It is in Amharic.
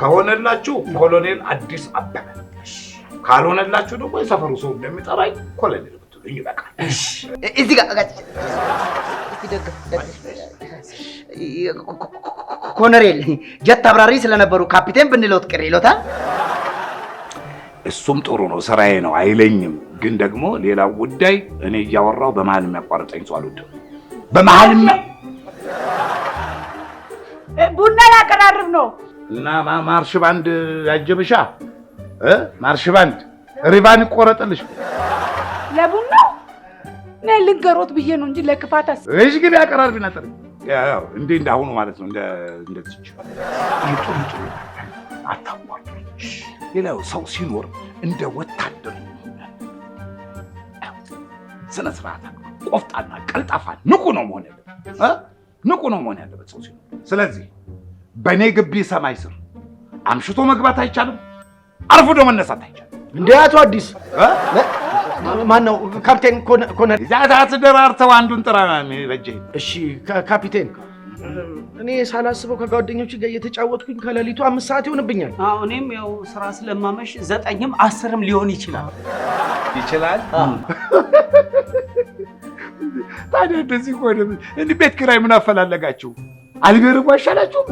ከሆነላችሁ ኮሎኔል አዲስ አበበ፣ ካልሆነላችሁ ደግሞ የሰፈሩ ሰው እንደሚጠራኝ ኮሎኔል ብትሉኝ ይበቃል። እዚህ ኮሎኔል ጀት አብራሪ ስለነበሩ ካፒቴን ብንለውት ቅር ይሎታል። እሱም ጥሩ ነው፣ ስራዬ ነው አይለኝም። ግን ደግሞ ሌላው ጉዳይ እኔ እያወራው በመሀል የሚያቋርጠኝ ሰው አልወድም። በመሀል ቡና ላቀራርብ ነው እና ማርሽ ባንድ ያጀብሻ እ ማርሽ ባንድ ሪቫን ይቆረጥልሽ። ለቡና ነይ ልንገሮት ብዬ ነው እንጂ ለክፋት አስ እሺ፣ ግቢ አቀራርቢ ነጥር ያው እንዴ እንዳሁኑ ማለት ነው። እንደ እንደዚህ ትች አይጡ አታቋርጥ። ሌላው ሰው ሲኖር እንደ ወታደር ስነ ስርዓት፣ ቆፍጣና፣ ቀልጣፋ ንቁ ነው መሆን ያለበት። ንቁ ነው መሆን ያለበት ሰው ሲኖር ስለዚህ በእኔ ግቢ ሰማይ ስር አምሽቶ መግባት አይቻልም፣ አርፍዶ መነሳት አይቻልም። እንደ አቶ አዲስ ማነው ካፕቴን ኮነ ዛታት ደራርተው አንዱን ጥራ በጀ። እሺ ካፒቴን፣ እኔ ሳላስበው ከጓደኞች ጋር እየተጫወትኩኝ ከሌሊቱ አምስት ሰዓት ይሆንብኛል። እኔም ያው ስራ ስለማመሽ ዘጠኝም አስርም ሊሆን ይችላል ይችላል። ታዲያ እንደዚህ ሆነ። ቤት ኪራይ ምን አፈላለጋችሁ? አልገርቡ አሻላችሁም